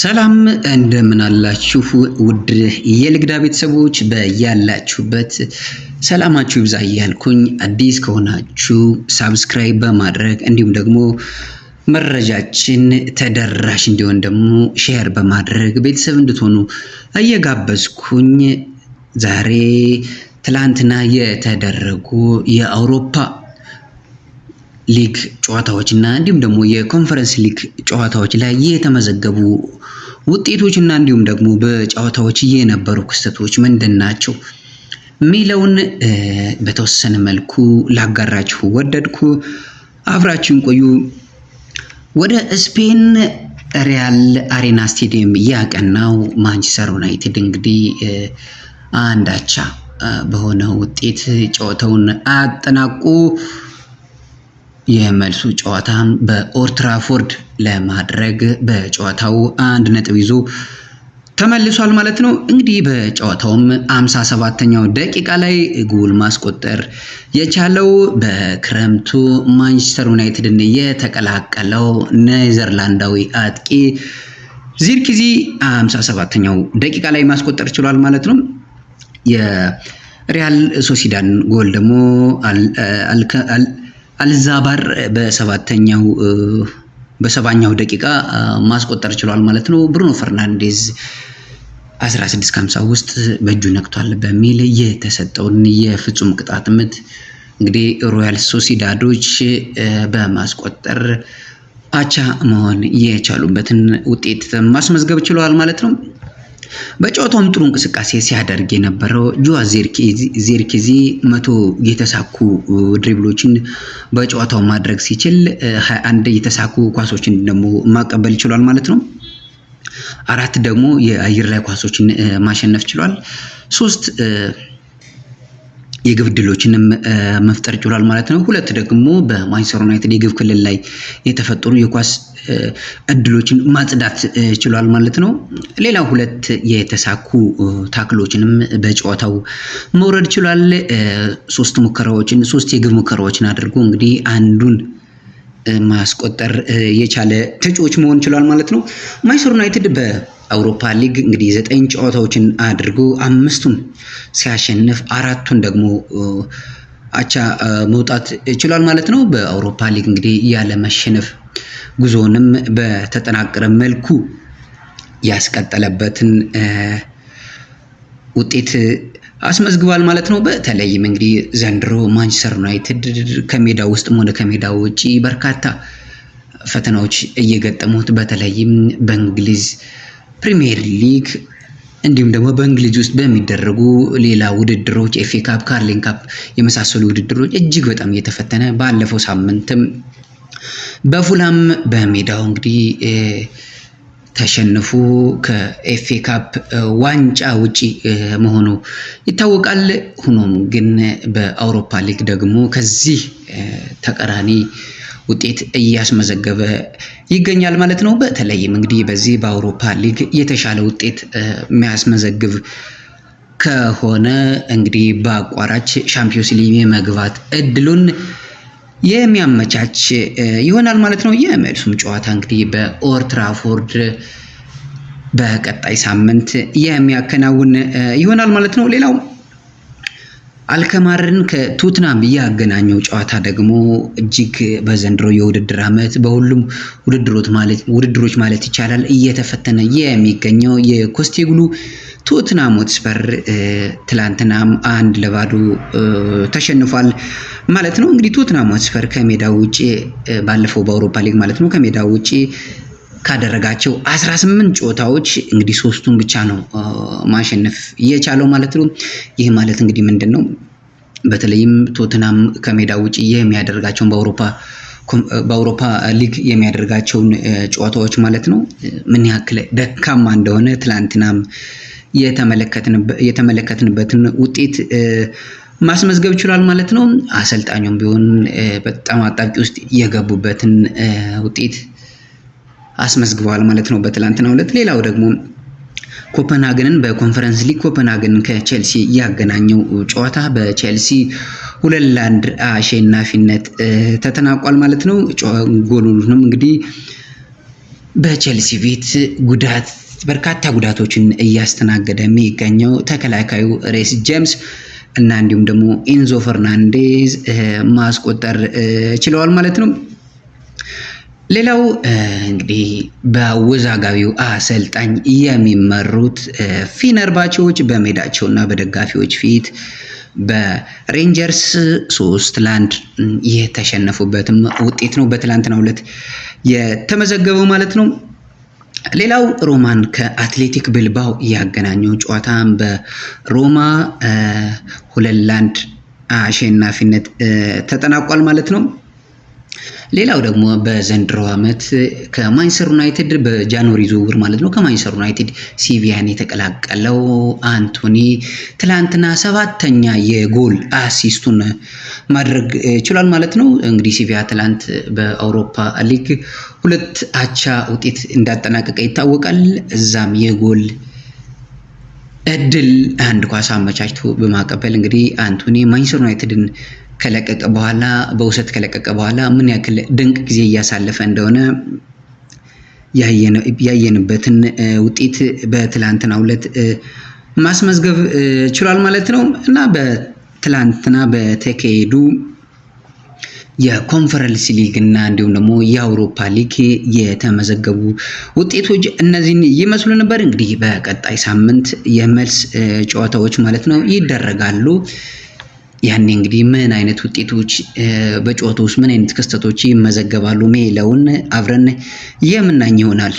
ሰላም እንደምን አላችሁ? ውድ የልግዳ ቤተሰቦች በያላችሁበት ሰላማችሁ ይብዛ እያልኩኝ አዲስ ከሆናችሁ ሳብስክራይብ በማድረግ እንዲሁም ደግሞ መረጃችን ተደራሽ እንዲሆን ደግሞ ሼር በማድረግ ቤተሰብ እንድትሆኑ እየጋበዝኩኝ ዛሬ ትላንትና የተደረጉ የአውሮፓ ሊግ ጨዋታዎች እና እንዲሁም ደግሞ የኮንፈረንስ ሊግ ጨዋታዎች ላይ የተመዘገቡ ውጤቶች እና እንዲሁም ደግሞ በጨዋታዎች የነበሩ ክስተቶች ምንድን ናቸው ሚለውን በተወሰነ መልኩ ላጋራችሁ ወደድኩ። አብራችሁን ቆዩ። ወደ ስፔን ሪያል አሬና ስቴዲየም ያቀናው ማንቸስተር ዩናይትድ እንግዲህ አንዳቻ በሆነ ውጤት ጨዋታውን አጠናቁ የመልሱ ጨዋታ በኦልትራፎርድ ለማድረግ በጨዋታው አንድ ነጥብ ይዞ ተመልሷል ማለት ነው። እንግዲህ በጨዋታውም አምሳ ሰባተኛው ደቂቃ ላይ ጎል ማስቆጠር የቻለው በክረምቱ ማንቸስተር ዩናይትድን የተቀላቀለው ኔዘርላንዳዊ አጥቂ ዚርክዚ 57ኛው ደቂቃ ላይ ማስቆጠር ችሏል ማለት ነው። የሪያል ሶሲዳን ጎል ደግሞ አልዛባር በሰባተኛው በሰባኛው ደቂቃ ማስቆጠር ችሏል ማለት ነው። ብሩኖ ፈርናንዴዝ 1650 ውስጥ በእጁ ነክቷል በሚል የተሰጠውን የፍጹም ቅጣት ምት እንግዲህ ሮያል ሶሲዳዶች በማስቆጠር አቻ መሆን የቻሉበትን ውጤት ማስመዝገብ ችለዋል ማለት ነው። በጨዋታውም ጥሩ እንቅስቃሴ ሲያደርግ የነበረው ጁዋ ዜርኪዚ መቶ የተሳኩ ድሪብሎችን በጨዋታው ማድረግ ሲችል 21 የተሳኩ ኳሶችን ደግሞ ማቀበል ይችሏል ማለት ነው። አራት ደግሞ የአየር ላይ ኳሶችን ማሸነፍ ችሏል። ሶስት የግብ ድሎችንም መፍጠር ችሏል ማለት ነው። ሁለት ደግሞ በማንቸስተር ዩናይትድ የግብ ክልል ላይ የተፈጠሩ የኳስ እድሎችን ማጽዳት ችሏል ማለት ነው። ሌላ ሁለት የተሳኩ ታክሎችንም በጨዋታው መውረድ ችሏል። ሶስት ሙከራዎችን ሶስት የግብ ሙከራዎችን አድርጎ እንግዲህ አንዱን ማስቆጠር የቻለ ተጫዋች መሆን ችሏል ማለት ነው። ማንቸስተር ዩናይትድ በ አውሮፓ ሊግ እንግዲህ ዘጠኝ ጨዋታዎችን አድርጎ አምስቱን ሲያሸንፍ አራቱን ደግሞ አቻ መውጣት ችሏል ማለት ነው። በአውሮፓ ሊግ እንግዲህ ያለ መሸነፍ ጉዞንም በተጠናቀረ መልኩ ያስቀጠለበትን ውጤት አስመዝግቧል ማለት ነው። በተለይም እንግዲህ ዘንድሮ ማንቸስተር ዩናይትድ ከሜዳ ውስጥም ሆነ ከሜዳ ውጪ በርካታ ፈተናዎች እየገጠሙት በተለይም በእንግሊዝ ፕሪሚየር ሊግ እንዲሁም ደግሞ በእንግሊዝ ውስጥ በሚደረጉ ሌላ ውድድሮች ኤፍ ኤ ካፕ፣ ካርሊንግ ካፕ የመሳሰሉ ውድድሮች እጅግ በጣም እየተፈተነ ባለፈው ሳምንትም በፉላም በሜዳው እንግዲህ ተሸንፎ ከኤፍ ኤ ካፕ ዋንጫ ውጪ መሆኑ ይታወቃል። ሆኖም ግን በአውሮፓ ሊግ ደግሞ ከዚህ ተቃራኒ ውጤት እያስመዘገበ ይገኛል ማለት ነው። በተለይም እንግዲህ በዚህ በአውሮፓ ሊግ የተሻለ ውጤት የሚያስመዘግብ ከሆነ እንግዲህ በአቋራጭ ሻምፒዮንስ ሊግ የመግባት እድሉን የሚያመቻች ይሆናል ማለት ነው። የመልሱም ጨዋታ እንግዲህ በኦርትራፎርድ በቀጣይ ሳምንት የሚያከናውን ይሆናል ማለት ነው። ሌላው አልከማርን ከቶትናም እያገናኘው ጨዋታ ደግሞ እጅግ በዘንድሮ የውድድር ዓመት በሁሉም ውድድሮች ማለት ይቻላል እየተፈተነ የሚገኘው የኮስቴግሉ ቶትናም ሆትስፐር ትላንትናም አንድ ለባዶ ተሸንፏል ማለት ነው። እንግዲህ ቶትናም ሆትስፐር ከሜዳ ውጭ ባለፈው በአውሮፓ ሊግ ማለት ነው ከሜዳ ውጪ ካደረጋቸው 18 ጨዋታዎች እንግዲህ ሶስቱን ብቻ ነው ማሸነፍ የቻለው ማለት ነው። ይህ ማለት እንግዲህ ምንድን ነው? በተለይም ቶትናም ከሜዳ ውጭ የሚያደርጋቸውን በአውሮፓ በአውሮፓ ሊግ የሚያደርጋቸውን ጨዋታዎች ማለት ነው ምን ያክል ደካማ እንደሆነ ትላንትናም የተመለከትንበትን ውጤት ማስመዝገብ ይችላል ማለት ነው። አሰልጣኙም ቢሆን በጣም አጣብቂ ውስጥ የገቡበትን ውጤት አስመዝግበዋል ማለት ነው በትላንትናው ዕለት። ሌላው ደግሞ ኮፐንሃገንን በኮንፈረንስ ሊግ ኮፐንሃገንን ከቼልሲ ያገናኘው ጨዋታ በቼልሲ ሁለት ለአንድ አሸናፊነት ተጠናቋል ማለት ነው። ጎሉንም እንግዲህ በቼልሲ ቤት ጉዳት በርካታ ጉዳቶችን እያስተናገደ የሚገኘው ተከላካዩ ሬስ ጄምስ እና እንዲሁም ደግሞ ኢንዞ ፈርናንዴዝ ማስቆጠር ችለዋል ማለት ነው። ሌላው እንግዲህ በአወዛጋቢው አሰልጣኝ የሚመሩት በሜዳቸው በሜዳቸውና በደጋፊዎች ፊት በሬንጀርስ ሶስት ለአንድ የተሸነፉበትም ውጤት ነው በትላንትናው ዕለት የተመዘገበው ማለት ነው። ሌላው ሮማን ከአትሌቲክ ብልባው ያገናኘው ጨዋታም በሮማ ሁለት ለአንድ አሸናፊነት ተጠናቋል ማለት ነው። ሌላው ደግሞ በዘንድሮ ዓመት ከማንቸስተር ዩናይትድ በጃንዋሪ ዝውውር ማለት ነው ከማንቸስተር ዩናይትድ ሲቪያን የተቀላቀለው አንቶኒ ትላንትና ሰባተኛ የጎል አሲስቱን ማድረግ ችሏል ማለት ነው። እንግዲህ ሲቪያ ትላንት በአውሮፓ ሊግ ሁለት አቻ ውጤት እንዳጠናቀቀ ይታወቃል። እዛም የጎል እድል አንድ ኳስ አመቻችቶ በማቀበል እንግዲህ አንቶኒ ማንቸስተር ዩናይትድን ከለቀቀ በኋላ በውሰት ከለቀቀ በኋላ ምን ያክል ድንቅ ጊዜ እያሳለፈ እንደሆነ ያየንበትን ውጤት በትላንትናው ዕለት ማስመዝገብ ችሏል ማለት ነው እና በትላንትና በተካሄዱ የኮንፈረንስ ሊግ እና እንዲሁም ደግሞ የአውሮፓ ሊግ የተመዘገቡ ውጤቶች እነዚህን ይመስሉ ነበር። እንግዲህ በቀጣይ ሳምንት የመልስ ጨዋታዎች ማለት ነው ይደረጋሉ። ያኔ እንግዲህ ምን አይነት ውጤቶች በጨዋታ ውስጥ ምን አይነት ክስተቶች ይመዘገባሉ የሚለውን አብረን የምናኝ ይሆናል።